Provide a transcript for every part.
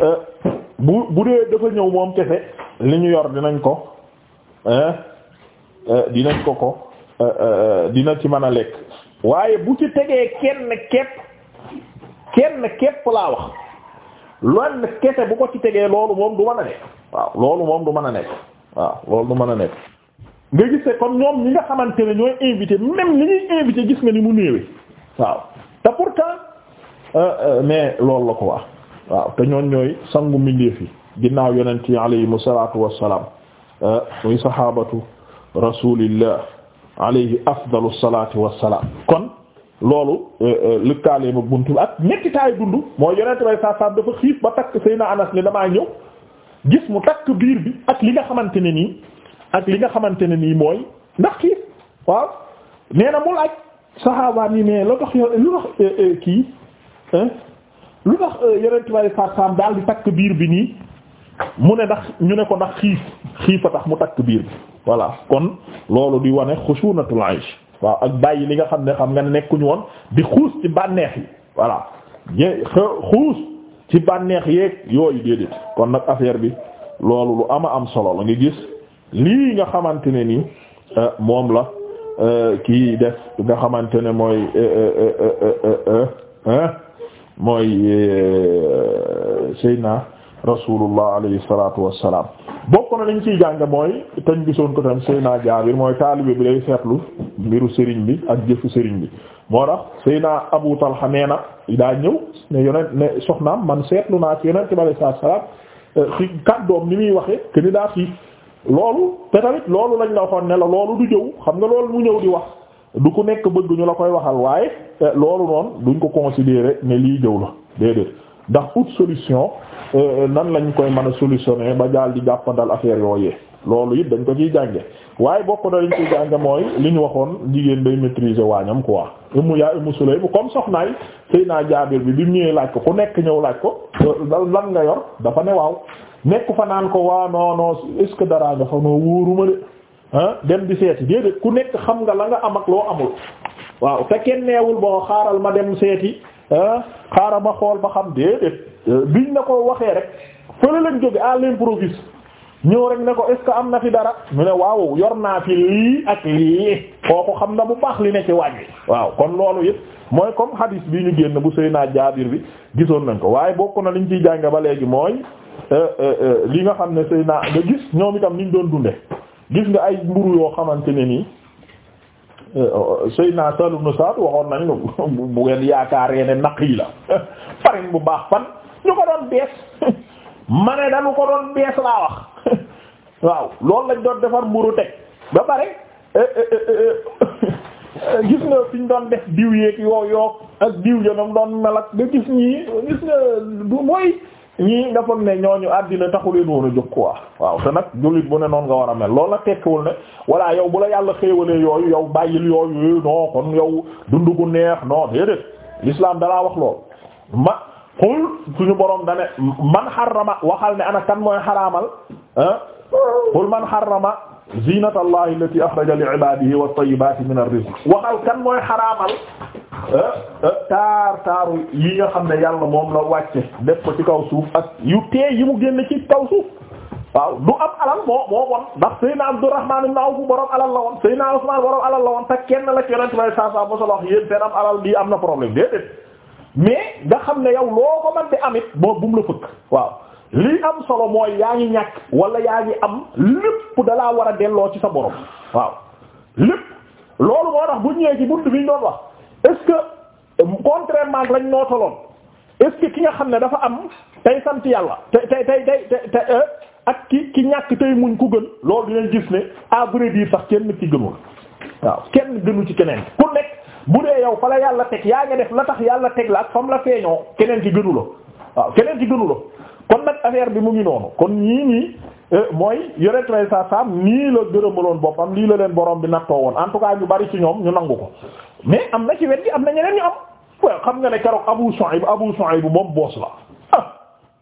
Euh, bu bu dee dafa ñëw moom kese li ñu yor dinañ ko euh, dinañ ko ko euh, dina ci mën a lekk waaye bu ci tegee kenn képp kenn képp laa wax loolu kese bu ko ci tegee loolu moom du mën a nekk waaw loolu moom du mën a nekk waaw loolu du mën a nekk nga gisee kon ñoom ñi nga xamante ne ñooy invité même li ñuy invité gis nga ni mu néewee waaw te pourtant mais loolu la ko wax waaw te ñoon ñooy sangu mbindeef yi ginnaaw yonent yi alayhimu salaatu wassalaam eh, muy sahabatu rasulillah alayhi afdalu salaati wassalaam kon loolu eh, eh, lëkkaale ma buntu bi ak ñetti taay dund mooy yonent bay saasaam dafa xiif ba takk Seyna Anas ne damaa ñëw gis mu takk biir bi ak li nga xamante ne nii ak li nga xamante ne nii mooy ndax xiif waaw nee na mu laaj saxaabaan yi ne lu tax kii lu tax yeneen tubaab yi saam daal di takk biir bi nii mu ne ndax ñu ne ko ndax xiif xiif a tax mu takk biir bi voilà kon loolu di wane xushunatul aish waaw ak bàyyi li nga xam ne xam nga nekkuñu woon di xuus ci bànneex yi voilà ñe xuus ci bànneex yeeg yooyu déedéet kon nag affaire bi loolu lu ama am solo la nga gis lii nga xamante ne nii euh, moom la euh, kii def nga xamante ne mooy. Euh, mooy euh, Seydina rasulullah alayhi salatu wassalam bokk na lañu ciy jàng mooy tañ gisoon ko tam Seydina Jaabir mooy taalibe bi day seetlu mbiru sëriñ bi ak jëfu sëriñ bi moo tax Seydina Abu Talha nee na daa ñëw ne yonent ne soxnaam man seetlu naa ci yonent bi alayhi salatu wassalam xi euh, kàddoom ni muy waxe ke ni daa xiif loolu te tamit loolu lañ la waxoon ne la loolu du jëw xam nga loolu mu ñëw di wax du ku nekk bëgg ñu la koy waxal waaye eh, loolu noonu duñ ko considérer ne lii jëw la déedéet ndax toute solution eh, nan lañ koy mën a solutionner ba daal di jàppandal affaire yooyee loolu it dañ ko ciy jànge waaye bokk na liñ ciy jànge mooy li ñu waxoon jigéen day maîtriser waañam quoi Ummu yaa Ummu Sulaym bu comme soxnaay sëy naa Jaabir bi bi mu ñëwee laaj ko ku nekk ñëw laaj ko eh, lan nga yor dafa ne waaw nekk fa ko waa non non est-ce nga fa noo wóoruma de Ah dem di seeti déedéet ku nekk xam nga la nga am ak loo amul waaw te kenn neewul boo xaaral ma dem seeti ah xaaral ma xool ba xam déedéet biñ na ko waxee rek fële lañ jóge à l'improviste ñëw rek ne ko est ce que am na fi dara mu ne waaw yor naa fi lii ak lii kooku xam na bu baax li ne ci wàññi waaw kon loolu yëpp mooy comme hadis bii ñu génn bu Seydina Jaabir bi gisoon nañ ko waaye bokk na liñ ciy jànge ba léegi mooy euh, euh, euh, li nga xam ne Seydina nga gis ñoom itam niñ doon dunde gis nga ay mburu yoo xamante ne nii euh, Seydina naa ibn Sa'd waxoon nañ bu ngeen yaakaar ne naq yi la farine bu baax fan ñu ko doon bees ma ne dañu ko doon bees laa wax waaw loolu lañ doon defar mburu teg ba pare euh, euh, gis nga fi doon def diw yeeg yoo yoo ak diw ya doon mel ak nga gis ñii gis nga du mooy. ñii nga foog ne ñooñu àddina taxuleen woon a jóg quoi waaw te nag jullit bu ne noonu nga war a mel loolu la tekkiwul ne voilà yow bu la yàlla xéewalee yooyu yow bàyyil yooyu eh, non kon yow dund gu neex non déedéet l'islam dalaa wax lool ma xul suñu borom dane man xarama waxal ne ana kan mooy xaraamal ah xul man xarama zinata allahi allati axraja li ibadihi wa tayyibati min eh, eh, taar yi nga xam ne yàlla moom la wàcce def ko ci kaw yu tee yi mu génn ci kaw suuf waaw du am alal moo moo bon ndax Seydina Abdourahman ibn Awf borom alal la woon Seydina Ousmane borom alal la woon te la ci yonent bay saa saa mosala wax yéen am alal bii am na problème déedéet mais nga xam ne yow loo ko mën amit moo bu mu la fëkk lii am solo mooy yaa ngi ñàkk walla yaa ngi am lépp dalaa war a delloo ci sa borom waaw lépp loolu moo tax bu ñëwee ci bunt bi ñu doon wax est que euh, contrairement lañ nootaloon est-ce ki nga xam ne dafa am tey sant yàlla te tey tey tey te euh, ak ki ki ñàkk tey muñ ku gën loolu dinañ gis ne à vrai dire sax kenn ki gënul waaw kenn gënu ci keneen ku nekk bu dee yow fa la yàlla teg yaa ngi def la tax yàlla teg la ak fam la feeñoo keneen ki gënu la waaw keneen ci gënu la kon nag affaire bi mu ngi noonu kon ñii nii eh, mooy yore lay sa sam nii la gërëmaloon boppam lii la leen boroom bi nattoo woon en tout cas ñu bari ci ñoom ñu nangu ko mais am na ci wet gi am na ñeneen ñu am waaw xam nga ne keroog Abu Shuayb Abu Shuayb moom boos la ah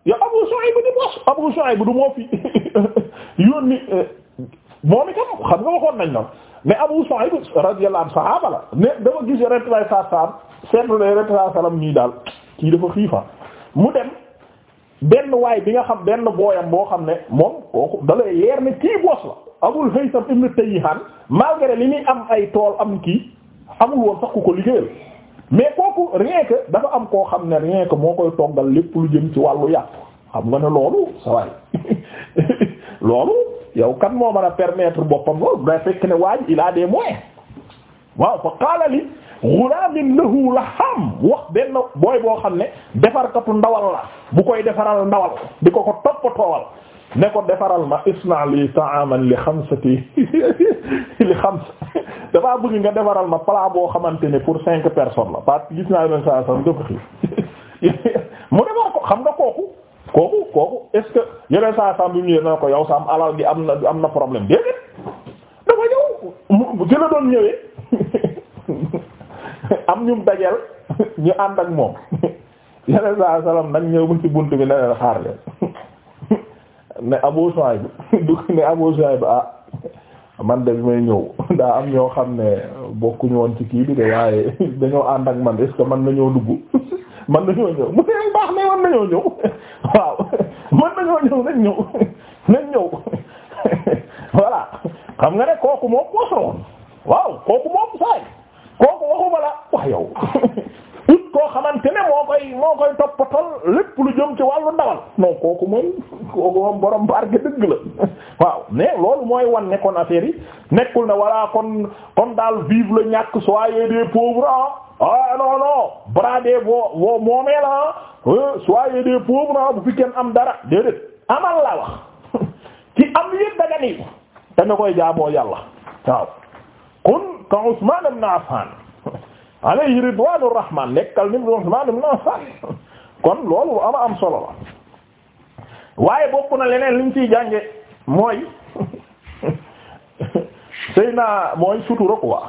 yow Abu Shuayb di boos Abu Shuayb du moo fi yónni eh, moom itam xam nga waxoon nañ la mais Abu Shuayb radiyallahu anhu sahaaba la ne dafa gis yore lay sa sam seetlu na yore lay sa salam nii daal kii dafa xiifa mu dem. benn waay bi nga xam benn booyam boo xam ne moom kooku da lay leer ne kii bos la Abul Haytham ibn Tayyihan malgré li muy am ay tool am kii amul woon sax ku ko liggéeyal mais kooku rien dafa am koo xam ne rien que moo koy toggal lépp lu jëm ci wàllu yàpp xam nga ne loolu sa waay loolu yow kan moo mën a permettre boppam loolu day fekk ne waaj il a des moyens waaw fa qaala ghulamin lahu laham wax benn booy boo xam ne defar defarkatu ndawal la bu koy defaral ndawal di ko ko toppatoowal ne ko defaral ma isna li ta'aman li xamsati li xamsa dafa bëgg nga defaral ma plat boo xamante ne pour cinq personnes la parce gis naa yoon saa saa dafa ko xam nga ce que yeneen saa saa bi mu ko yow sa am alal gi am na am na problème déedéet dafa ñëw mu gën doon ñëwee am ñum dajeel ñu ànd ak moom yeneen saa salaam nag ñëw ba ci bunt bi ne leen xaar leen ne Abu Shuayb du ne Abu Shuayb ah man de bi may ñëw daa am ñoo xam ne bokkuñu woon ci kii bi de waaye dañoo ànd ak man est-ce que man nañoo dugg man nañoo ñëw mu ne baax na man nañoo ñëw waaw man nañoo ñëw nañ ñëw nañ ñëw voilà xam nga ne kooku moom poosé woon waaw kooku moom saay sax yow ut koo xamante ne moo koy moo koy toppatol lépp lu jëm ci wàllu ndawal non kooku moom kooku moom borom barke dëgg la waaw mais loolu mooy wan nekkoon kon affaire nekkul na walla kon kon daal vivre le ñàkk soyez des pauvres ah, ah non non bradé vos vos moomee ah. euh, la soyez des pauvres ah, bu fi kenn am dara déedéet amal la wax ci am yëpp daga nii te nga koy jaamoo yàlla waaw kon ka Usman ibn Affan alayhi ridwaanu rahmaan nekkal ni Usmaan ibn Affaan kon loolu ama am solo waaye bokk na leneen liñ ciy jànge mooy Seydina mooy sutura quoi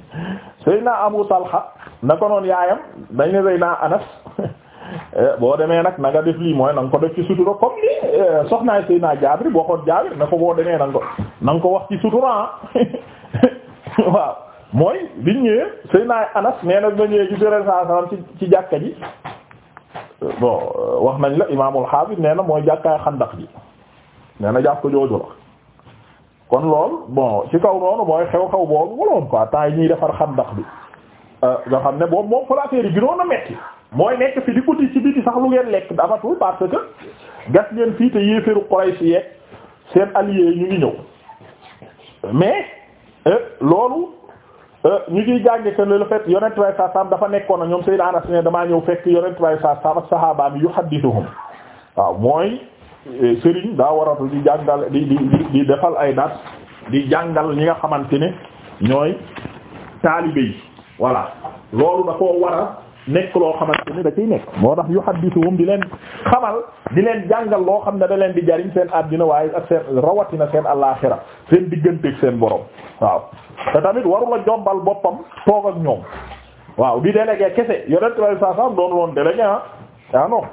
Seydina Abu Talha na konoon yaayam dañ ne Seydina Anas boo demee nag na nga def lii mooy na ko def ci sutura comme ni eh, soxnaay Seydina Jaabir boo ko Jaabir na ko boo demee na ko na ko wax ci sutura ah. waaw mooy biñ ñëwee Seydina Anas nee na ba ñëwee gis yore saa salaam ci ci jàkka ji bon wax nañ la imaamul xaafis nee na mooy jàkkaay xandax ji nee na jàkka jooju la kon lool bon ci kaw noonu mooy xew-xew boobu waloon quoi temps yi ñuy defar xandax bi euh, nga xam ne boobu moom falateer yi ginoon a metti mooy nekk fi di kuti ci biti sax lu ngeen lekk dafatu parce que gas ngeen fii te yéeféru Quraysh yeeg seen alliés ñu ngi Euh, ñu ciy jànge que le fait yonent bay saa saam dafa nekkoon na ñoom Seydina Anas ne damaa ñëw fekk yonent bay saa saam ak saxaaba bi yuhaddithuhum waaw mooy euh, Serigne daa waratu di jàngal di di di defal ay dars di jàngal ñi nga xamante ne ñooy taalibe yi voilà loolu da koo war nekk loo xamante ni da ciy nekk moo tax yu haddisuhum di leen xamal di leen jàngal loo xam ne da leen di jariñ seen àddina waaye ak seen rawatina seen alaaxira seen digganteeg seen borom waaw te tamit warula jombal boppam toog ak ñoom waaw di délégué kese yonent bi saa saa doon loon délégué ah ah non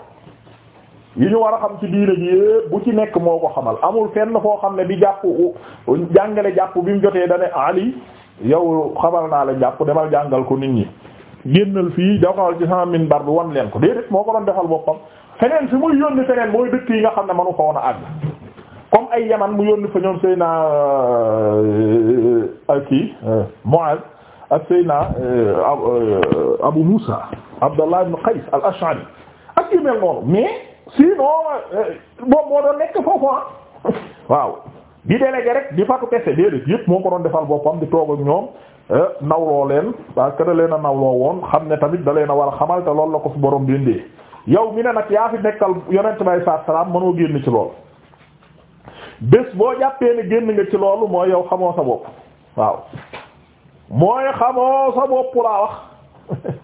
ñu war a xam ci diine ji yépp bu ci nekk moo ko xamal amul fenn foo xam ne bi jàpp jàngale jàpp bi mu jotee da ne Ali yow xamal naa la jàpp demal jàngal ko nit ñi. génnal fii doxal ci sama minbar bi wan leen ko déedéet moo ko doon defal boppam feneen fi muy yónni feneen mooy dëkk yi nga xam ne manu ko woon a àgg comme ay yaman mu yónni fa ñoom Seyna euh, kii euh, Muaz ak Seyna euh, Abu Musa Abdallah ibn Qays al-Ash'ari ak yu mel noonu mais sinon boobu moo doon nekk foofu ah waaw di délégué rek di fatu kese déedéet yëpp moo ko doon defal boppam di toog ak ñoom. Eh, nawloo leen parce que da leen a nawloo woon xam ne tamit da leen a war a xamal te loolu la ko fi borom bindee yow mi ne nag yaa fi nekkal yonent bay saa salaam mënoo génn ci loolu bés boo jàppee ne génn nga ci loolu mooy yow xamoo sa bopp waaw mooy xamoo sa bopp laa wax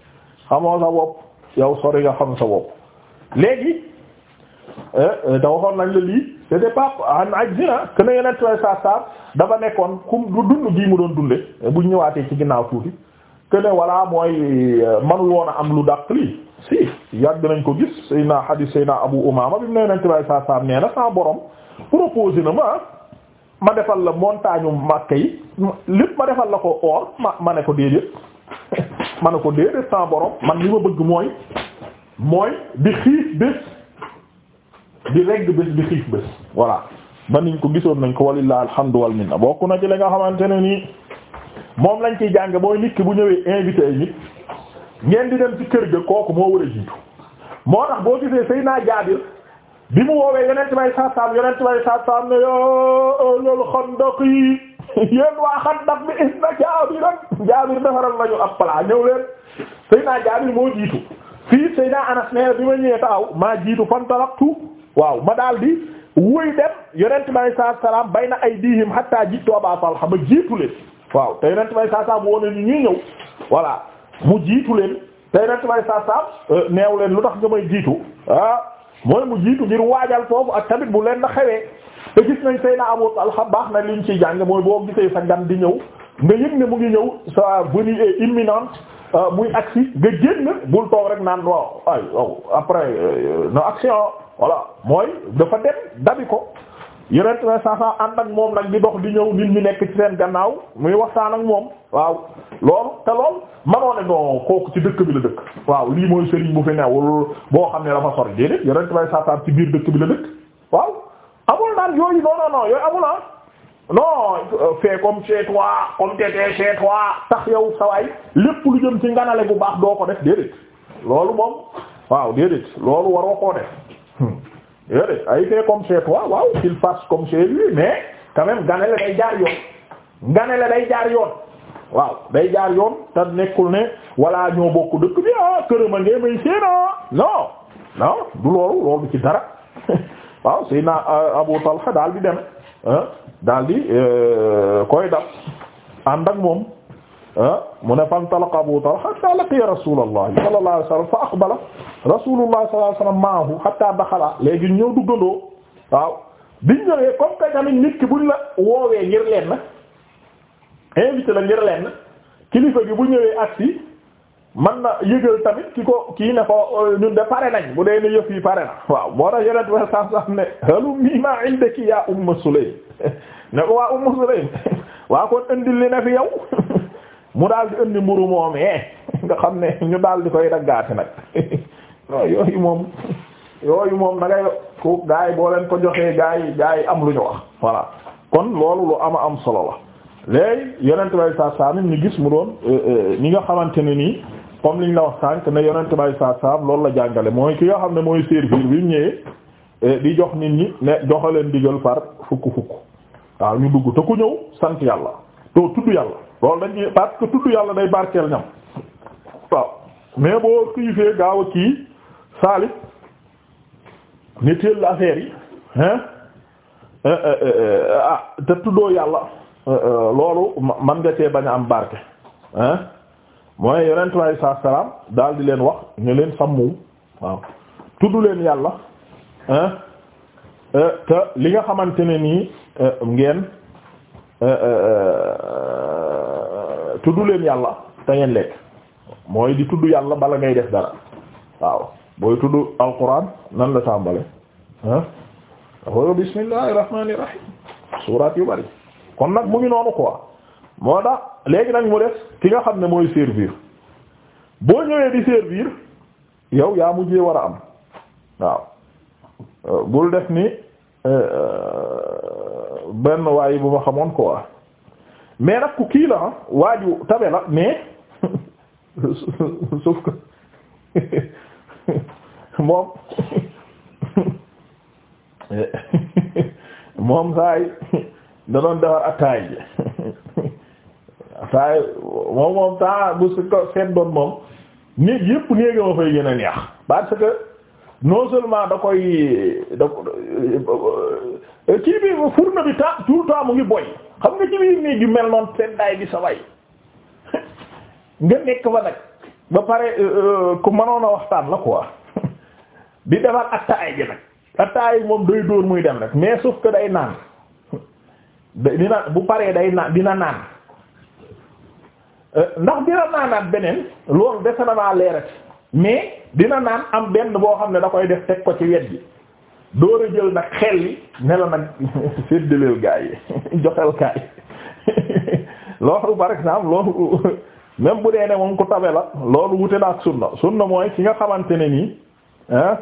xamoo sa bopp yow sori nga xam sa bopp léegi da eh, eh, waxoon nañ la lii c'était pas an ajzina que na yeneen way sa sar dafa nekkoon kum du dund gii mu doon dunde buñ ñëwaatee ci ginnaaw tuuti que ne voilà mooy euh, manul woon a am lu daq lii si yàgg nañ ko gis sayna hadis sayna Abu Umaama bi mu ne yeneen way sa sar nee na sans borom proposé na ma ma defal la montagne Makka yi lépp ma defal la ko or ma ma ne ko déedéet ma ne ko déedéet sans borom man li ma bëgg mooy mooy di xiif bés di regg bés di xiif bés voilà ba niñ ko gisoon nañ ko walilah alhamdu wal minna bokk na ci li nga xamante ne nii moom lañ ciy jàng mooy nit bu ñëwee invité ay nit ngeen di dem ci kër ga kooku moo war a jiitu moo tax boo gisee Seydina Jaabir bi mu woowee yonent bay saasaam yonent bay saasaam ne yo loolu xandaq yi yéen waa xandaq bi inna Jaabiran Jaabir defaral nañu ab plat ñëw leen Seydina Jaabir moo jiitu fii Seydina Anas nee bi ma ñëwee taxaw waaw ma daal di wuy dem yonent bi alayhi bay na ay aydihim hatta jiitu Abaa Talha ma jiitu leen waaw te yonent bi alayhi salaatu salaam ni ñuy ñëw voilà mu jiitu leen te yonent bi alayhi salaatu euh, neew leen lu tax nga may jiitu ah mooy mu jiitu ngir waajal foofu ak tamit bu leen na xewee te gis nañ Seyna Abuu Talha baax na liñ ciy jàng mooy boo gisee sa gan di ñëw nga yëg ne mu ngi ñëw sa venue est imminente euh, muy agsi nga génn bul toog rek naan waaw ay euh, voilà mooy dafa dem dabi ko yeneen trois cent cent ak moom nag di dox di ñëw nit ñi nekk ci seen gannaaw muy waxtaan ak moom waaw loolu te lool manoo ci dëkk bi waaw lii mooy sëriñ boo xam ne la dëkk waaw amul daal yooyu non non non yooyu amul ah non fais comme yow sawaay lépp lu bu baax doo ko def déedéet loolu moom waaw déedéet loolu waroo koo def Hmm. yére ay fait comme chez toi waaw qu'il fasse comme chez lui mais quand même la day jaar yoon gane la day jaar yoon waaw day jaar yoon te nekkul ne walla ñoo bokk dëkk bi ah kërëma ngay may séena ah. non non du loolu loolu ci dara waaw sëy na euh, Abu Talha daal di dem daal di euh, koy dab ànd ak moom Ah mu ne fantalaqa Abu Talha hatta laqiya Rasulullah sallallahu alayhi wa Rasulullah sallallahu alayhi wa sallam maahu léegi ñëw duggandoo waaw biñ ñëwee comme tamit nit ki buñ la woowee ngir leen na invité la ngir leen kilifa gi bu ñëwee agsi man na yëgal tamit ki ko kii ne ko euh, ñun de pare nañ bu dee ne yëf yi pare na waaw moo tax yeneen wala sax sax ne halum mimma yaa Umm Sulaym ne ko waa Umm Sulaym waa kon indil li na fi yow. mu daal di indi mburu moomee nga xam ne ñu daal di koy daggaati nag non yooyu moom yooyu moom da ku gaa boo leen ko joxee gaa yi am lu ñu wax voilà kon loolu lu ama am solo la léegi yonent bay saa saam ñu gis mu doon ni euh, euh, nga xamante ni nii comme liñ la wax sànq ne yonent bay saa saam loolu la jàngale mooy ki nga xam ne mooy servir bi ñëwee euh, di jox nit ñi ne joxaleen digal par fukk fukk waaw ñu dugg te ku ñëw sant yàlla doo tudd yàlla loolu dañ parce que tudd yàlla day barkeel ñam waaw mais boo xiifee gaaw a kii saalit ni teel la affaire yi hein euh, euh, euh, ah te tuddoo yàlla loolu man nga cee bañ a am barke hein mooy yonent sa salaam daal di leen wax ñu leen sàmmu waaw tudd leen yàlla hein te li nga xamante ne nii ngeen Euh, euh, euh, tudd leen yàlla te ngeen lekk mooy di tudd yàlla bala ngay def dara waaw booy tudd alquran nan la tàmbale ah dafa bismillahir rahim surat yu bari kon nag mu ngi noonu quoi moo tax léegi nag mu def ki nga xam ne mooy servir boo ñëwee di servir yow yaa mujjee war a am waaw bul def ni benn waaye bu ma xamoon quoi mais nag ku kii la waaju tabe la mais sauf que moom moom saay da doon defar attaay ji attaay moom moom taa bu si ko seet doon moom néeg yépp néega ma fay gën a neex parce que non seulement da koy da kii euh, bi furna bi ta tout le ngi boy xam nga ci biir mel noonu seddaay bi sa way nga nekk fa nag ba pare euh, euh, ku mënoon a waxtaan la quoi di defar attaay ji nag attaay moom day dóor muy dem rek mais sauf que day naan dina bu paree day naan dina naan ndax dina naanaat beneen loolu defe na naa leerati mais dina naan am benn boo xam ne da koy def teg ko ci wet gi door a jël nag xel yi ne la nag séddaleel gaa yi joxel gaa yi loolu par exemple loolu même bu dee ne moom ko tabe la loolu wute na ak sunna sunna mooy ki nga xamante ne nii ah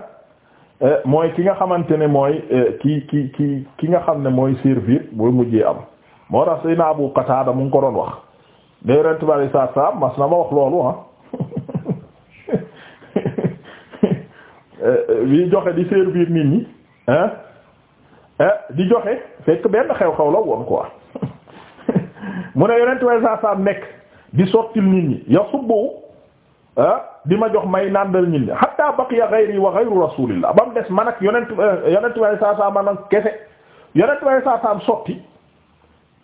mooy ki nga xamante ne mooy eh, ki ki ki ki nga xam ne mooy servir booy mujjee am moo tax Seydina Abu Qatada mu ngi ko doon wax day rent bari sa sa mas na ma wax loolu ah li joxe di servir nit ñi eh, di joxe fekk benn xew-xew la woon quoi mu ne yonent way saa nekk di sottil nit ñi yasubbu ah di ma jox may nàndal nit ñi hatta baqiya ghayri wa ghayru rasulillah ba mu des man ak yonent way saa saa man kese yonent way saa sotti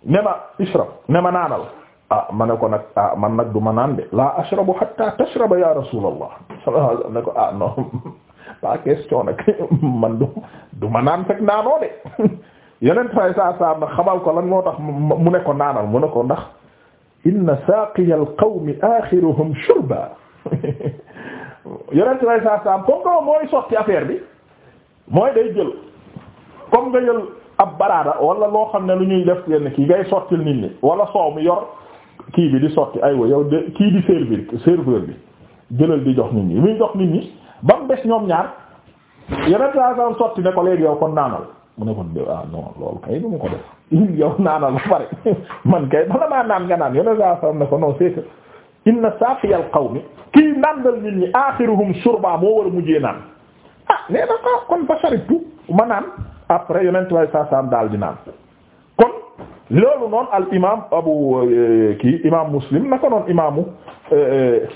ne ma ishrab ne ma naanal ah ma ne ko nag ah man nag du ma naan de la ashrabu hatta tashraba ya rasulallah ne ko ah non. pas question nag man du du ma naan fekk naanoo de yeneen fay saa saa xamal ko lan moo tax mu ne ko naanal mu ne ko ndax inna saaqiya al qawmi axiruhum shurba yeneen fay saa saa comme que mooy sotti affaire bi mooy day jël comme nga jël ab baraada wala loo xam ne lu ñuy def yenn kii ngay sottil nit ñi wala soow mi yor kii bi di sotti aywa yow de kii di servir serveur bi jëlal di jox nit ñi muy jox nit ñi ba mu des ñoom ñaar yeneen saa saa sotti ne ko léegi yow kon naanal mu ne ko ah non loolu kay du mu ko def yow naanal ba pare man kay bala maa naan nga naan yeneen saa saa ñi axiruhum shurba moo war a mujjee naan ah nee na ko ah kon ba saritu ma naan après yonent way saasaam daal di naan kon loolu noonu al imaam abu eh, kii imaam muslim naka noonu imaamu eh, eh,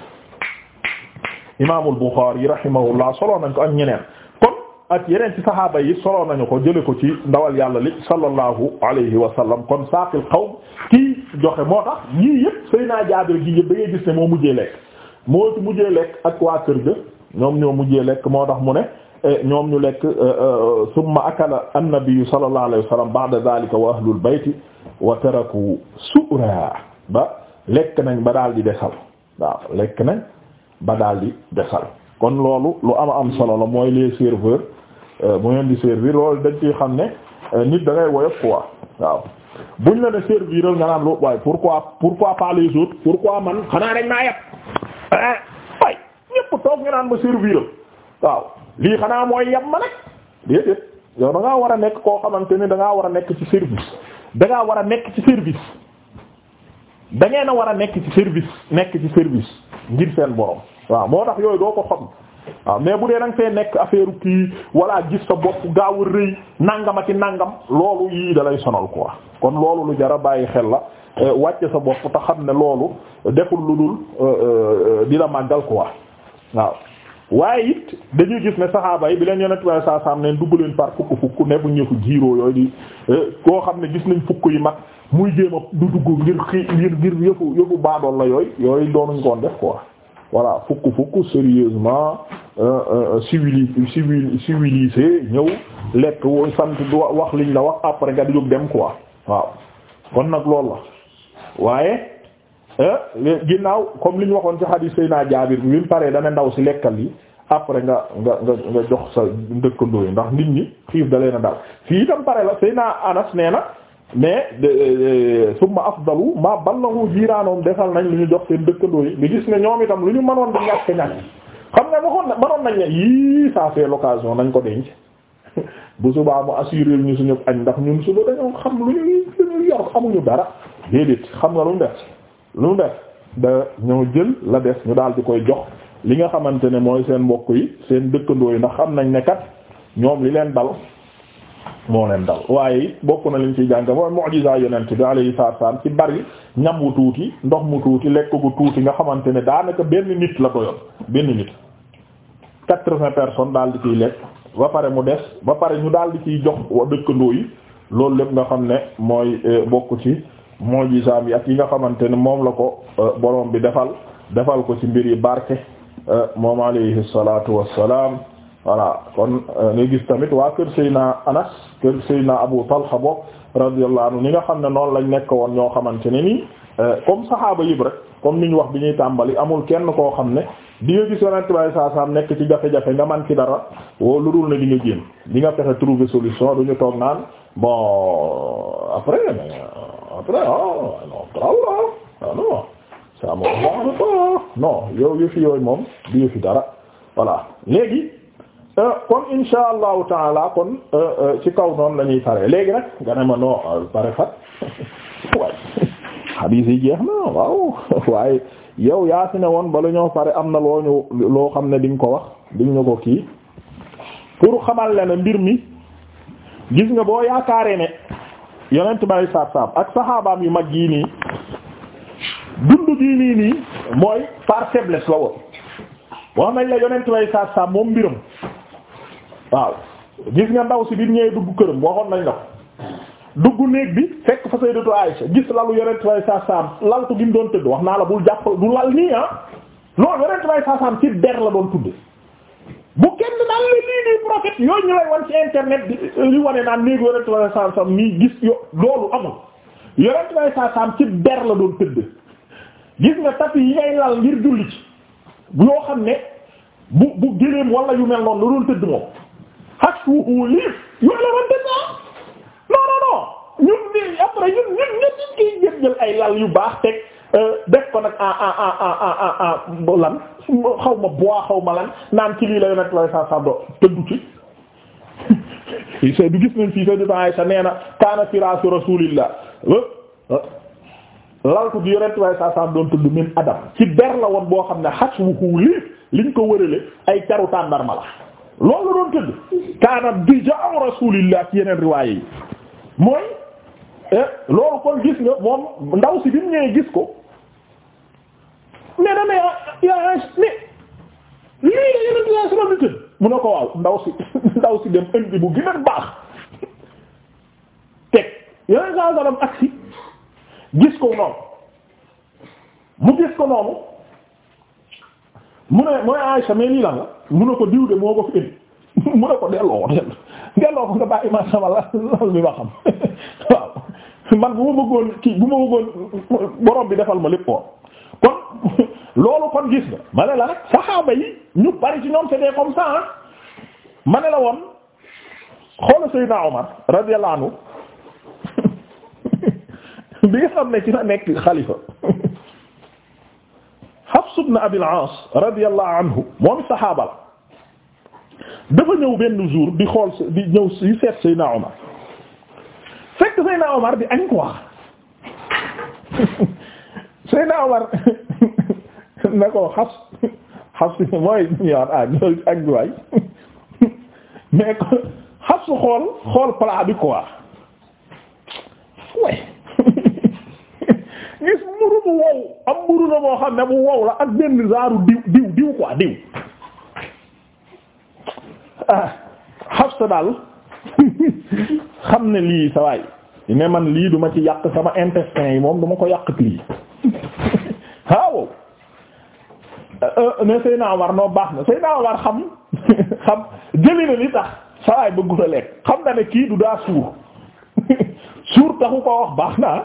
imaamul Buxaari rahimahullah solo nañ ko ak ñeneen kon ak yeneen ci yi solo nañu ko jële ko ci ndawal yàlla li sallallahu alayhi wa sallam kon saaqil qawm ki joxe moo tax yii yëpp Seydina Jaabir gi yëpp da gis ne moo mujjee lekk moo ci mujjee lekk ak waa kër ga ñoom ñoo mujjee lekk moo tax mu ne eh, ñoom ñu lekk eh, eh, summa akala annabiyu sallallahu alayhi wa sallam ba'da dhalika wa ahlul bayti wa taraku su'ra ba lekk nañ ba daal di desal waaw lekk nañ ba daal di desal kon loolu lu ama am solo la mooy les serveurs bu euh, ngeen di servir loolu dañ ciy xam ne euh, nit da ngay woyof quoi waaw buñ la ne servir nga naan lu waaye pourquoi pourquoi pas les autres pourquoi man xanaa dañ maa yàpp eh, waay ñëpp toog nga naan ma servir waaw lii xanaa mooy yem ma nag déedéet yow da war a nekk koo xamante ni dangaa war a nekk ci service da ngaa war a nekk ci service da ngeen a war a nekk ci service nekk ci service ngir seen borom waaw moo tax yooyu doo ko xam waaw mais bu dee da nga fee nekk affaire kii wala gis sa bopp gaaw a rëy nangamati nangam loolu yii dalay sonal quoi kon loolu lu jara bàyyi xel la euh, wàcce sa bopp te xam ne loolu deful lu dul euh, euh, di la màggal quoi waaw. waaye it dañuy gis ne saxaaba yi bi leen yonent waaye saa saam neen dugg leen par fukk fukk ne bu ñu ko jiiroo yooyu di koo xam ne gis nañ fukk yi mag muy jéem a du dugg ngir xii ngir ngir yëfu yëfu baadool la yooyu yooyu doonuñ koon def quoi. voilà fukk fukk sérieusement euh, euh, civili civil civilisé ñëw lekk woo sant du wax liñ la wax après nga di jóg dem ko waaw kon nag loolu la waaye euh, ginnaaw comme li ñu waxoon ci hadith naa Jaabir bi mu paree dana ndaw si lekkal yi après nga nga nga nga jox sa ndëkkandoo yi ndax nit ñi xiif da leen a dal fii itam pare la Seydina Anas nee na mais summa afdalu ma ballahu jiraanoom defal nañ lu ñu jox seen dëkkandoo yi gis nga ñoom itam lu ñu mënoon di ñàkk ñàkk xam nga waxoon na mënoon nañ yii ça fait l'occasion nañ ko denc bu subaa mu assuré ñu suñu añ ndax ñun suba dañoo xam lu ñu lu ñu yor amuñu dara déedéet xam nga lu mu def lu mu def da ñoo jël la des ñu daal di koy jox li nga xamante ne mooy seen mbokk yi seen dëkkandoo yi ndax xam nañ ne kat ñoom li leen dal. moo leen dal waaye it bokk na lañu ciy jàng mooy mu'jiza yonent bi alayhi salaam ci bari ñam tuuti ndox mu tuuti lekk gu tuuti nga xamante ne daanaka benn nit la doyoon benn nit quatre vingt personnes daal di ciy lekk ba pare mu des ba pare ñu daal di ciy jox wa dëkkandoo yi loolu lépp nga xam ne mooy euh, bokk ci mu'jiza bi ak yi nga xamante ne moom la ko euh, borom bi defal defal ko ci mbir yi barke euh, moom alayhi salaatu wassalaam voilà kon ñu euh, gis tamit waa kër Seyna Anas kër Seyna Abu Talha bokk radiyallahu anhu ñi nga xam ne noonu lañ nekk woon ñoo xamante ne nii euh, comme saxaaba yëpp rek comme ni ñu wax bi ñuy tàmbali amul kenn koo xam ne di nga gis yonent bi saa saa nekk ci jafe-jafe nga man ci dara woo lu dul ne di nga génn di nga fexe trouver solution du ñu toog naan bon après euh, après ah non trawl ah, ah non ça me non yow yëfi yooyu moom di fi dara voilà Euh, kon insha allahu taala kon euh, euh, ci kaw noonu lañuy ñuy pare léegi nag nga ne ma noo pare fat waaye xadiis yi jeex na waaw waaye yow yaa ne woon bala ñoo pare am na loo ñu loo xam ne di ko wax di nga ko kii pour xamal la ne mbir mi gis nga boo yaakaaree ne yonent may saab saab ak saxaabaam yu mag yii nii dund gii nii nii mooy par faiblesse la woon wax nañ la yonent may saab saab moom mbiram waaw gis nga ndaw si bi ñëwee dugg këram waxoon nañ la ko dugg néeg bi fekk fa sayyidatu Aisha gis lalu yonent bay saasaam laltu gi doon tëdd wax naa la bul jàpp du lal nii ah non yonent bay saasaam ci doon tudde bu kenn naan ñu lay wan ci internet li wane naan néeg yonent bay saasaam nii gis yo loolu amul yonent bay saasaam ci der la doon tëdd gis nga tapi yi ngay lal ngir julli ci yoo xam ne bu bu gëléem wala yu mel noonu la doon tëdd moom hashuhu li yooyu la rante naa non non non nii après ñun ñun ñun ñun kiy ay lal yu baax teg euh, def ko nag ah ah xaw ma bois xaw ma lan naan ci lii la yonent lay saa sàddoo tëddu nee na kaana firaasu rasuulillah laltu bi yonent lay saa sàddoo doon tëdd min adam ci ber la woon boo xam ne hashuhu li liñ ko wërale ay caru tàndarma la loolu la doon tëdd kaana dijaa rasulillah ci yeneen riwaay yi mooy eh, loolu kon gis nga moom ndaw si bi mu ñëwee gis ko ne na ne ah, yaa ne lii yeneen riwaay si la tëdd mu ne ko waaw ndaw si ndaw si dem indi bu gën baax teg yeneen saa salam agsi gis ko noonu mu gis ko noonu mu ne mooy Aysa mais lii la nga mu ko diw de moo ko fi indi mu ne ko delloo ko delloo ko nga bàyyi ma lal bi ba xam man bu ma bëggoon kii bu ma bëggoon borom bi defal ma lépp woon kon loolu kon gis nga ma ne la rek saxaaba yi ñu bari ñoom c'était comme ça ah ma ne la woon xoolal Seydina Omar radiyallahu anhu bi nga xam ne ci la nekk xalifa Hafs ibn Abil Aas radiyallahu anhu moom saxaaba la dafa ñëw benn jour di xool di ñëw si seet Seydina Omar fekk Seydina Omar di añ ko wax Seydina Omar na ko Hafs Hafs mooy ñëwaat ah ñëw ak bi waay mais Hafs xool xool plat bi quoi way gis muru bu wow am mburu la moo xam ne bu wow la ak benn zaaru diw diw diw quoi diw ah Hafsa daal xam ne lii sa waay ne man lii duma ci yàq sama intestin yi moom duma ko yàq ak lii waaw euh, euh, ne Seydina Omar noo baax na Seydina Omar xam xam jëli na li tax sa waay lekk xam na ne kii du daa suur suur taxu ko wax baax naa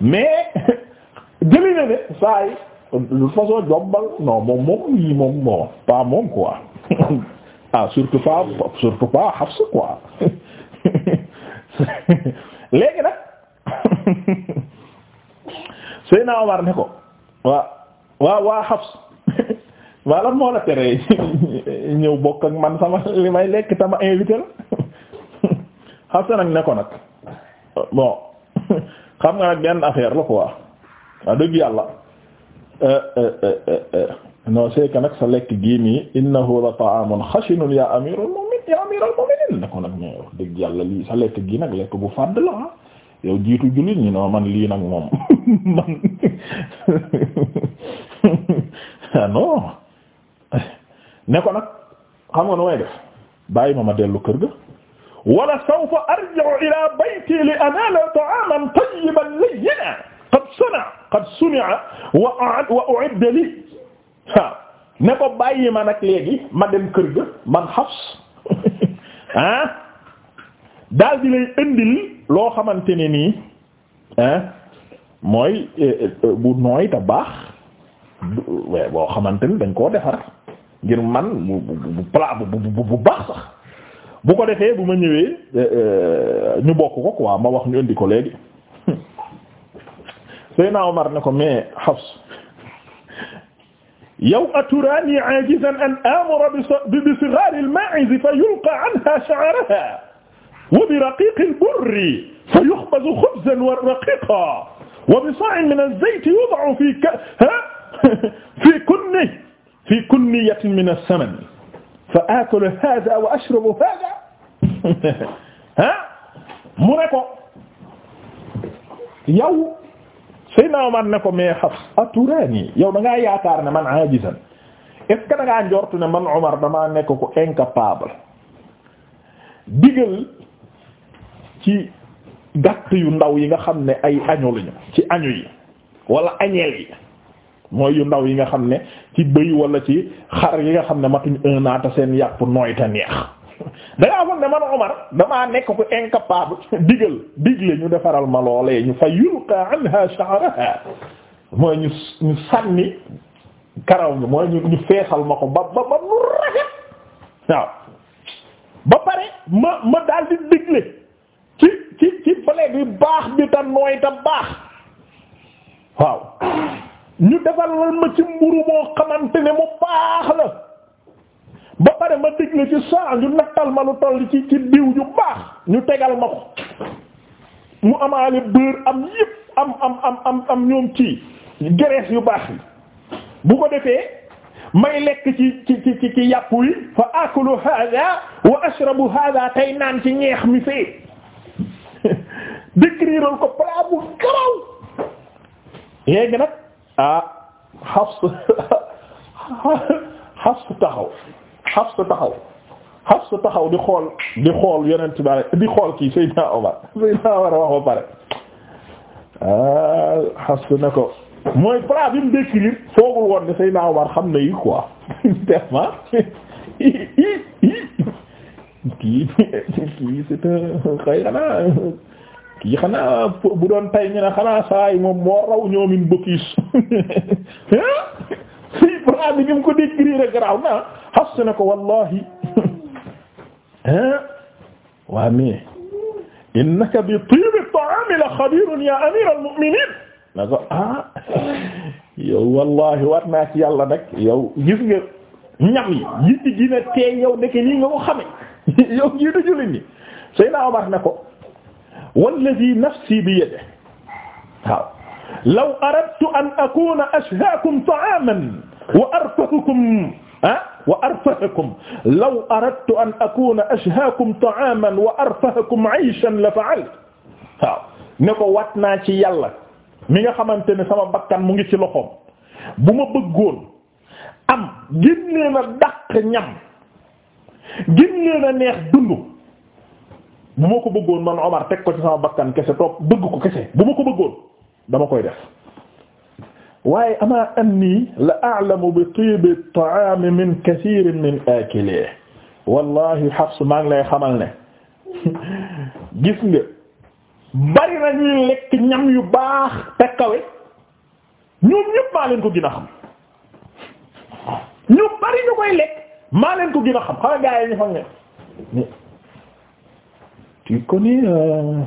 mais jëli na ne saa yi de toute façon jombal non moom moom lii moom moom pas moom quoi ah surtout pas surtout pas Hafs quoi léegi nag Seyna Omar ne ko waa waa waa Hafs waa lan moo la tere ñëw bokk man sama li may lekk tama invité la Hafs nag ne ko nag bon xam nga nag benn affaire la quoi waaw dëgg yàlla euh, euh, euh, non c'est nag sa lekk gii nii innahu la ta'amun xashinun ya amirul ya amirul mu'minin ne ko nag mais wax dëgg yàlla lii sa lekk gi nag lekk bu fàdd la ah yow jiitu jullit ñi non man lii nag moom man ah, non nag xam nga nu may def bàyyi ma ma dellu kër ga wala sawfa arji'u ila bayti li anala ta'aman tayyiban layyinan qad suna qad suni'a wa u'idda li waaw ne ko bàyyi ma nag léegi ma dem kër ga man Hafs ah daal di lay indil loo xamante ne nii ah mooy e, e, e, bu nooy ta baax boo xamante ni dañ koo defar ngir man bu bu bu bu bu baax sax. bu ko defee bu ma ñëwee euh, euh, ñu bokk ko quoi ma wax ñu indi ko léegi Seydina Omar ne ko mais Hafs yow aturaani aajizan an amura bi sigaar al-maa'iz fa yulqa anha sha'ruha wa bi raqiiq al-burri fa yukhbaz khubzan wa raqiiqan wa bi saa'in min az-zayt yud'u fi kunniyatin min as-saman fa akulu hada wa ashrabu hada ah mu ne ko yow Seydina Omar ne ko mais Hafs aturani yow da ngaa yaakaar ne man ajizan est ce que da ne man Omar damaa nekk ko incapable digal ci gàtt yu ndaw yi nga xam ne ay añu lañu ci añu yi wala añeel yi mooy yu ndaw yi nga xam ne ci bëy wala ci xar yi nga xam ne matuñ un an te seen yàpp nooy te neex dangaa foog ne man Omar damaa nekk ko incapable digal digle ñu defaral ma loolee ñu fa yulqa anha sha'raha mooy ñu ñu karaw ñu mooy ñu ñu ma ko ba ba ba mu rafet waaw ba pare ma ma daal di digle ci ci ci blé bi baax bi te nooy baax waaw ñu defalal ma ci mburu moo xamante ne mu baax la ba pare ma digle ci saa ñu nattal ma lu toll ci ci diw ñu baax ñu tegal ma ko mu amaale beurre am yépp am am am ñoom ci graisse yu baax yi bu ko defee may lekk ci ci ci ci yàpp wi fa akulu hada wa ashrabu hada tey naan ci ñeex mi fee décriral ko plat garaw léegi nag ah Hafs Hafs taxaw Hafs taxaw Hafs taxaw di xool di xool yonent bi di xool kii Seydina Omar Seydina Omar wax wa pare ah Hafs ne ko mooy plat bi mu décrire foogul woon ne Seydina Omar xam na yi quoi tellement kii kii c'est un xëy na kii xanaa bu doon tay ñu ne xanaa saa yi moom moo raw ñoomin bëkiis si bra bi ñi ko décrire garaaw na xas na ko wallahi waa mi innaka bi tibi taami la xabirun ya amir al na ko ah yow wallahi waat naa ci yàlla nag yow gis nga ñam yi yitti gina teey yow ndeke lii nga ko xame yow jiitu julin ñi Seydina Omar ne ko walladi nafsi bi yadihi waaw law aradtu an akuna ashhaakum ta'aaman wa arfahukum ah wa arfahakum law aradtu an akuna ashhaakum ta'aaman wa arfahakum 'ayshan la fa'altu waaw ne ko wat naa ci yàlla mi nga xamante ne sama bakkan mu ngi ci loxoom bu ma bëggoon am gin leen a dàq ñam gin leen a neex dund bu ma ko bëggoon man Omar teg ko ci sama bakkan kese toog bëgg ko kese bu ma ko bëggoon dama koy def waaye ama anni la a'lamu bi tibi at-ta'am min kathirin min akilihi wallahi Hafs maa ngi lay xamal ne gis nga bari na ñuy lekk ñam yu baax teg kawe ñoom ñëpp maa leen ko gën a xam ñu bari ñu koy lekk maa leen ko gën a xam xam ñu fa ne tu connais euh,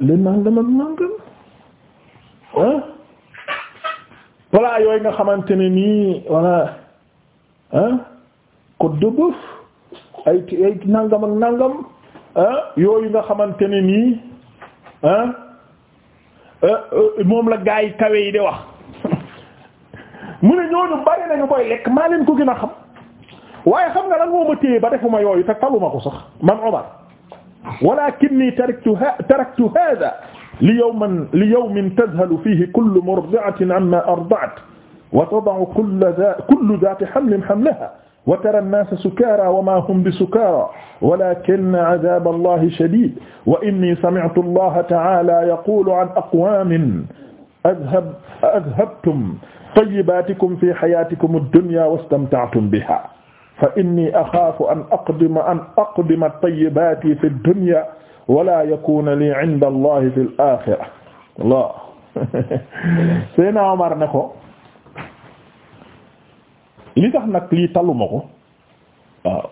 yooyu nga xamante ne nii voilà ah côte de bœuf ay nga xamante ne nii ah moom la gaa yi kawe yi de wax mu ne ñooñu bari nañu koy lekk maa leen ko gën a xam waaye xam nga lan moo ma téye ba defuma yooyu te taluma ko sax man Omar. walakinni taraktu taraktu hada li yawmin li yawmin tadhalu fihi kullu murdi'atin amma arda'at wa tada'u kullu dhati hamlin hamlaha wa tara an-nasa sukara wa ma hum bisukara walakinna 'adhaba Allahi shadid wa inni sami'tu Allaha ta'ala yaqulu 'an aqwamin adhab adhabtum tayyibatikum fi hayatikum ad-dunya wastamta'tum biha fa inni axaafu an aqdima an aqdima tayyibaati fi dunya wala yakuna li inda allahi tax nag lii taluma ko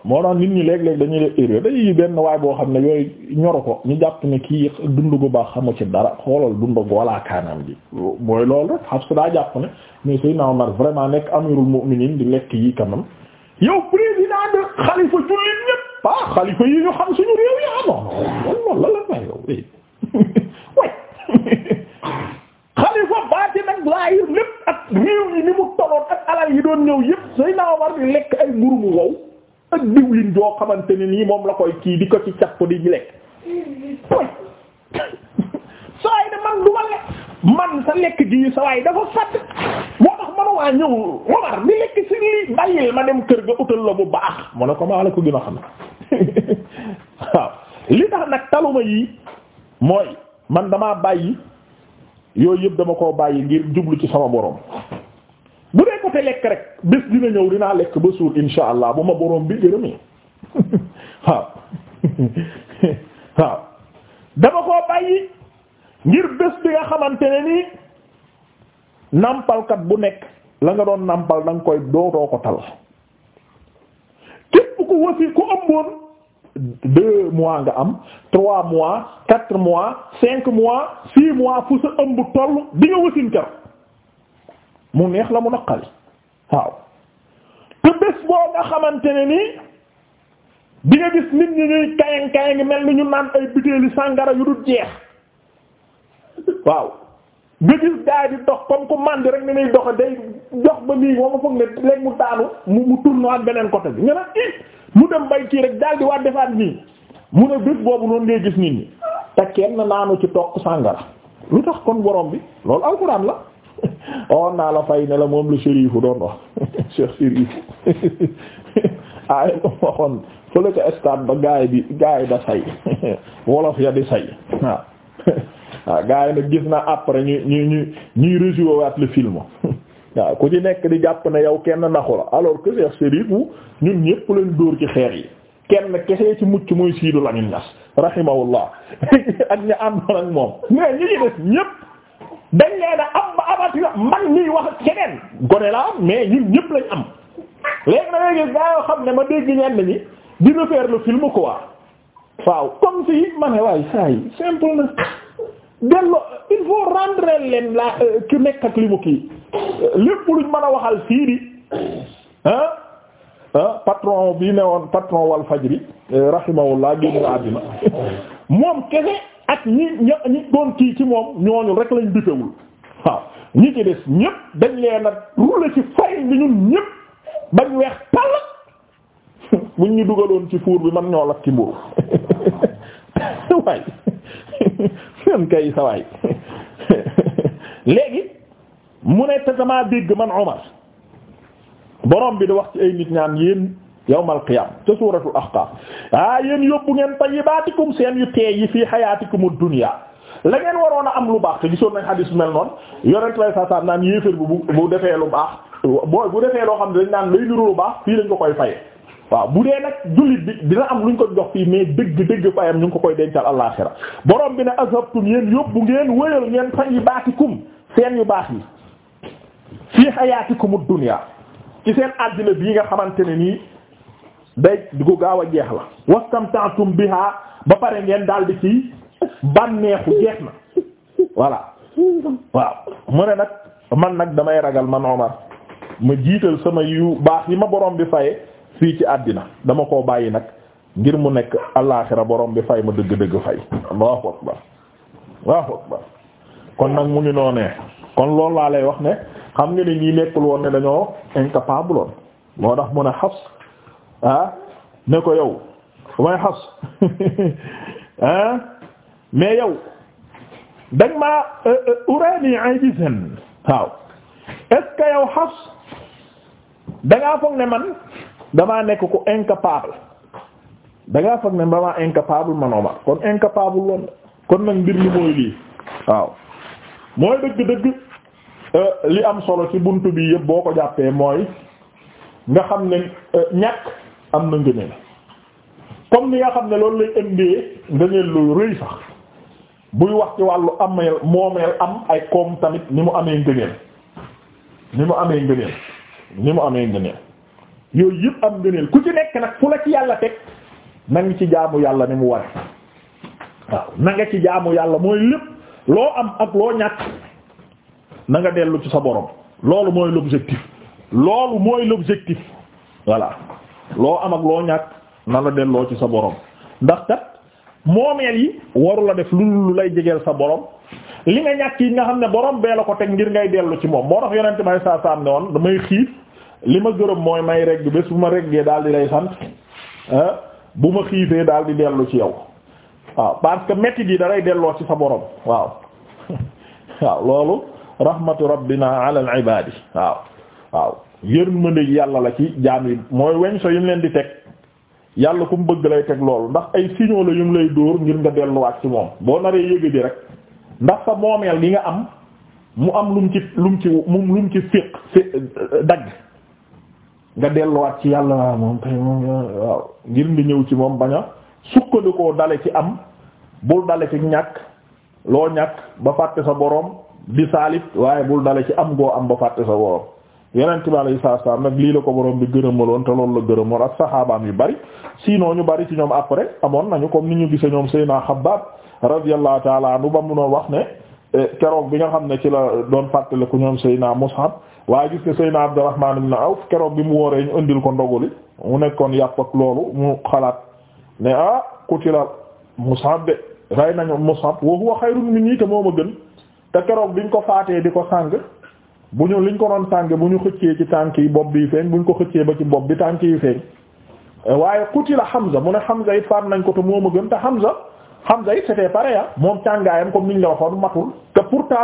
moo tax nit ñi léeg-léeg dañuy def erreur benn waay boo xam ne yooyu ñoru ko ñu jàpp ni kii dund gu baax xamu ci dara xoolal dund gu walla kaanam ji mooy loolu rek Hafsa daa jàpp ne mais Seydina Omar vraiment nekk amirul mu'minin di lekk yi kanam yow président de xalifa jullit ñépp ah xalifa yi ñu xam suñu réew yi ah non non la la way eh. xalifa baati nag laa yëg lépp ak réew yi ni mu toloon ak alal yi doon ñëw yépp say naa war di lekk ay mburu mu wow ak diwlin joo xamante ne nii moom la koy kii di ko ci capp di lekk way saa yi de man du man sa lekk gi sa waay dafa fatt moo tax manowaa ñëw Omar di lekk si bàyyil ma dem kër ga utal la bu baax mu ne ko maa la ko gën a xam waaw li tax nag taluma yi mooy man damaa bàyyi yooyu yëpp dama koo bàyyi ngir jublu ci sama boroom bu dee côté lekk rek bés dina ñëw dinaa lekk ba suur insha allah bu ma borom bi gërëmee waaw waaw dama koo bàyyi ngir bés bi nga xamante ne nii nàmpalkat bu nekk la nga doon nàmpal da nga koy dootoo ko tal képp ku wasi ku ëmboon deux mois nga am trois mois quatre mois cinq mois six mois fu sa ëmb toll di nga wasin ker mu neex la mu naqari waaw te bés boo nga xamante ne nii di nga gis nit ñi ñuy kayang kayang mel na ñu naan ay butéeli sàngara yu dul jeex waaw nga gis gaa yi di dox comme ku màndi rek ni muy doxe day dox ba nii moom ma foog ne léegi mu daanu mu mu tourne beneen côté bi nga naan mu dem bay kii rek daal di waat defaat nii mu ne bés boobu noonu ngay gis nit ñi te kenn naanu ci toq sàngara lu tax kon borom bi loolu alxuraan la waxoon oh, naa la fay ne la moom lu shérifu doon wax cheikh shérif aay moom waxoon fële ca stade ba gaay bi gaay da say wolof ya di say waaw waaw gars yi nag gis na après ñu ñu ñu ñuy résumé waat le film waaw ku ci nekk di jàpp ne yow kenn naxu la alors que Cheikh Sérif ñun ñëpp lañ dóor ci xeer yi kenn kese ci mucc mooy Sidy Lamine Niass rahimahullah ak ña àndoon ak moom mais ñi ci des ñëpp dañ leen a am ba abattu man ñuy wax keneen gone la am mais ñun ñëpp lañ am léegi na léegi gaa yoo xam ne ma dégg ñenn ñi di refaire le film quoi waaw comme si ma ne waaye saa yi simple na delloo il faut rendre leen la euh, ki nekk ak li mu kii lépp luñ mën a waxal fii di ah ah patron bi ne woon patron wal fajri euh, rahimahullah génn na àddina moom kese ak ñi ñi doon kii ci moom ñooñu rek lañ dutewul waaw ñi ci des ñépp dañ leen a rouler ci fay bi ñun ñépp bañ weex tàll buñ ñu dugaloon ci fuur bi man ñoo lakk ci mburu waaye dem kay sawaay léegi mu ne te damaa dégg man Omar borom bi di wax ci ay nit ñaan yéen yawmal qiyam ca suuratul ahqaaf ah yéen yóbbu ngeen tayyibaatikum seen yu teey yi fii xayaatikum ad-dunya la ngeen waroon a am lu baax te gisoon nañ xadiis mel noonu yonent lay saa saa naan yéeféer bu bu defee lu baax booy bu defee loo xam ne dañ naan lay niru lu baax fii lañ ko koy faye waaw bu dee nag jullit bi dina am luñ ko jox fii mais dëgg dëgg fayam ñu ngi ko koy dencal alaaxira borom bi na ne azabtum yéen yóbbu ngeen wëyal ngeen fan yu baatikum seen yu baax yi fii hayaatikum ad-dunya ci seen àddina bii nga xamante ne nii day du gaaw a jeex la bi biha ba pare ngeen daal di ci bànneexu jeex na voilà waaw mu ne nag man nag damay ragal ma noomar ma jiital sama yu baax yi ma borom bi faye fii ci àddina dama koo bàyyi nag ngir mu nekk alaaxira borom bi fay ma dëgg-dëgg fay allahu akbar allahu akbar kon nag mu ngi noonee kon loolu laa lay wax ne xam nga ne ñi nekkul woon ne dañoo incapable woon moo tax mu ne Hafs ah ko yow may Hafs ah yow dañ maa euh, euh, urani ajizan waaw est yow Hafs dangaa foog ne man damaa nekk ku incapable dangaa foog ne damaa incapable manoo kon incapable woon kon nag mbir mi mooy lii waaw mooy dëgg-dëgg euh, li am solo ci bunt bi yëpp boo ko jàppee mooy nga xam ne euh, ñàkk am na ngëneel comme ni nga xam ne loolu lay indee ngëneel lu rëy sax buy wax ci wàllu ameel moomeel am ay koom tamit ni mu amee ngëneel ni mu amee ngëneel ni mu amee ngëneel yooyu yëpp am ngëneel ku ci nekk nag fu la ci yàlla teg na nga ci jaamu yàlla ni mu ware waaw na nga ci jaamu yàlla mooy lépp loo am ak loo ñàkk na nga dellu ci sa borom loolu mooy l'objectif loolu mooy l'objectif voilà loo am ak loo ñàkk na la delloo ci sa borom ndax kat moomeel yi waru def lu lu lay jegeel sa borom li nga ñàkk yi nga xam ne borom bee la ko teg ngir ngay dellu ci moom moo tax yonente may saa saam ne woon damay xiif li ma gërëm mooy may regg bés bu ma reggee daal di lay sant ah, bu ma xiifee daal di dellu ci yow waaw parce que métti gi dalay delloo ci sa boroom waaw waaw loolu rahmatu rabbina ala al ibadi waaw waaw yërmande yàlla la ci jaam yi mooy weñ so yim leen di teg yàlla ku mu bëgg lay teg loolu ndax ay signaux la yum lay dóor ngir nga delluwaat ci moom boo naree yëg di rek ndax sa moomeel gi nga am mu am lum ci lum ci lum ci fiq fi dagg nga delluwaat ci yàlla moom kay moom waaw ngir ndi ñëw ci moom bañ sukkandikoo dale ci am bul dale ci ñàkk loo ñàkk ba fàtte sa boroom di saalit waaye bul dale ci am goo am ba fàtte sa boroom yeneen bi alayi saatu salaam nag lii la ko boroom bi gërëmaloon te loolu la gërëm ak saxaabaam yu bari sinon ñu bari ci ñoom après amoon nañu comme ni ñu gise ñoom Seydina Xabbaab radiyallahu taala anhu ba mu noon wax ne eh, keroog bi nga xam ne ci la doon fàttaliku ñoom Seydina Mus'ab waaye gis nga Seydina Abdurrahman ibn aw keroog bi mu wooree ñu indil ko ndoguli mu nekkoon yàpp ak loolu mu xalaat ne ah la kutila Mus'ab de rey nañu Mus'ab wa huwa xayrun minnii te moo ma gën te keroog biñ ko faatee di ko sàng bu ñu liñ ko doon sàng bu ñu xëccee ci tànk yi bopp bi feeñ bu ñu ko xëccee ba ci bopp bi tànk yi feeñ waaye kutila Hamza mu ne Hamza it faat nañ ko te moo ma gën te Hamza Hamza it c'était pareil ah moom càngaayam comme niñ la waxoon matul te pourtant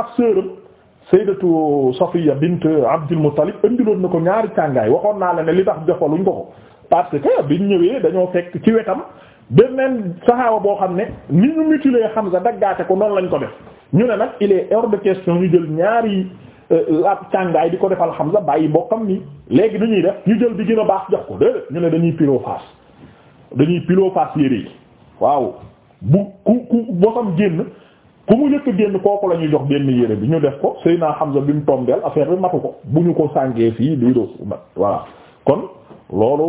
sayyidatu Safiya bint Abdul Muttalib indiloon na ko ñaari càngaay waxoon naa la ne li tax defaluñ ko ko parce que ñu ñëwee dañoo fekk ci wetam beneen saxaaba boo xam ne ni ñu mutilé Hamza daggaate ko noonu lañ ko def ñu ne nag il est hors de question ñu jël ñaari euh, ab càngaay di ko defal Hamza bàyyi mbokkam ni léegi nu ñuy def ñu jël bi gën a baax jox ko déedéet ñu ne dañuy pilo face dañuy pilo face yére yi waaw bu ku ku bosam génn ku mu njëkk génn kooku la ñuy jox génn yére bi ñu def ko Seydina Hamza bi mu tombeel affaire bi matu ko bu ñu ko sàngee fii lii doo mat voilà kon loolu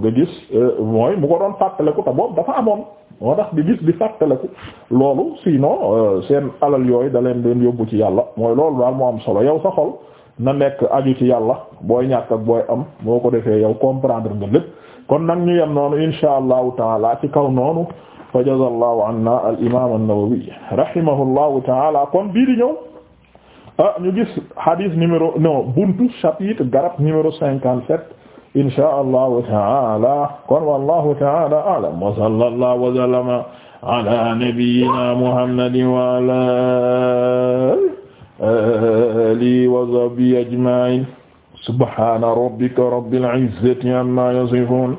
nga gis euh, mooy mu ko doon fàttaleku te boobu dafa amoon moo tax di gis di fàttaleku loolu si sinon euh, seen alal yooyu da leen doon yóbbu ci yàlla mooy loolu daal moo am solo yow sa xol na nekk aju ci yàlla booy ñàkk ak booy am boo ko defee yow comprendre nga lépp kon nag ñu yem noonu insha allahu taala ci kaw noonu fa jazallahu anna al imam an-Nawawi rahimahullahu taala kon bii di ñëw ah ñu gis hadith numéro non buntu chapitre garab numéro cinquante-sept insha allahu taala kon wallahu taala a'lam wa sallallahu wa sallama ala nabiyyina muhammadin wa ala alihi wa sahbihi ajma'in subhana rabbika rabbil izzati amma yasifun